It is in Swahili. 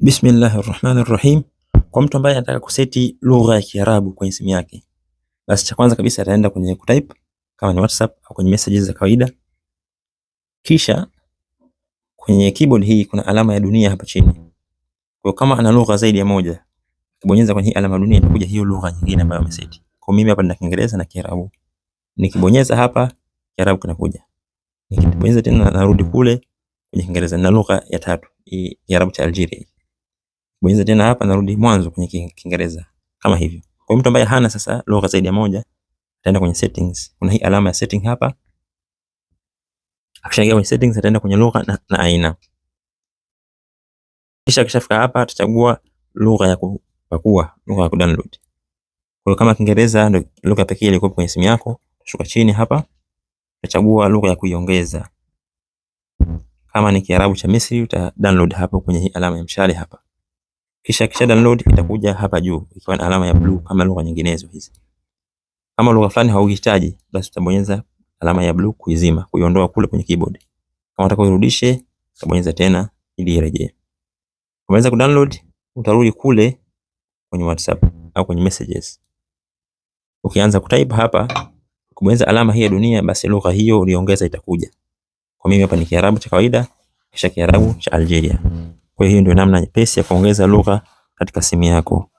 Bismillahir Rahmanir Rahim. Kwa mtu ambaye anataka kuseti lugha ya Kiarabu kwenye simu yake, basi cha kwanza kabisa ataenda kwenye kutype kama ni WhatsApp au kwenye messages za kawaida, kisha kwenye keyboard hii kuna alama ya dunia hapa chini. Kwa kama ana lugha zaidi ya moja, kibonyeza kwenye hii alama ya dunia itakuja hiyo lugha nyingine ambayo ameseti. Kwa mimi hapa nina Kiingereza na Kiarabu, nikibonyeza hapa Kiarabu kinakuja, nikibonyeza tena narudi kule kwenye Kiingereza na lugha ya tatu hii Kiarabu cha Algeria bonyeza tena hapa, narudi mwanzo kwenye Kiingereza kama hivyo. Kwa mtu ambaye hana sasa lugha zaidi ya moja, ataenda kwenye settings. Kuna hii alama ya setting hapa, akishaingia kwenye settings ataenda kwenye lugha na, na aina, kisha akishafika hapa atachagua lugha ya kupakua, lugha ya kudownload. Kwa kama Kiingereza ndio lugha pekee iliyokuwa kwenye simu yako, shuka chini hapa, utachagua lugha ya kuiongeza. Kama ni Kiarabu cha Misri uta download hapo kwenye hii alama ya mshale hapa. Kisha kisha download itakuja hapa juu ikiwa na alama ya blue kama lugha nyinginezo hizi. Kama lugha fulani hauhitaji, basi utabonyeza alama ya blue kuizima, kuiondoa kule kwenye keyboard. Kama unataka urudishe, utabonyeza tena ili irejee. Unaweza kudownload, utarudi kule kwenye WhatsApp au kwenye messages. Ukianza kutype hapa, kubonyeza alama hii ya dunia, basi lugha hiyo uliongeza itakuja. Kwa mimi hapa ni Kiarabu cha kawaida kisha Kiarabu cha Algeria. Kwa hiyo ndio namna nyepesi ya kuongeza lugha katika simu yako.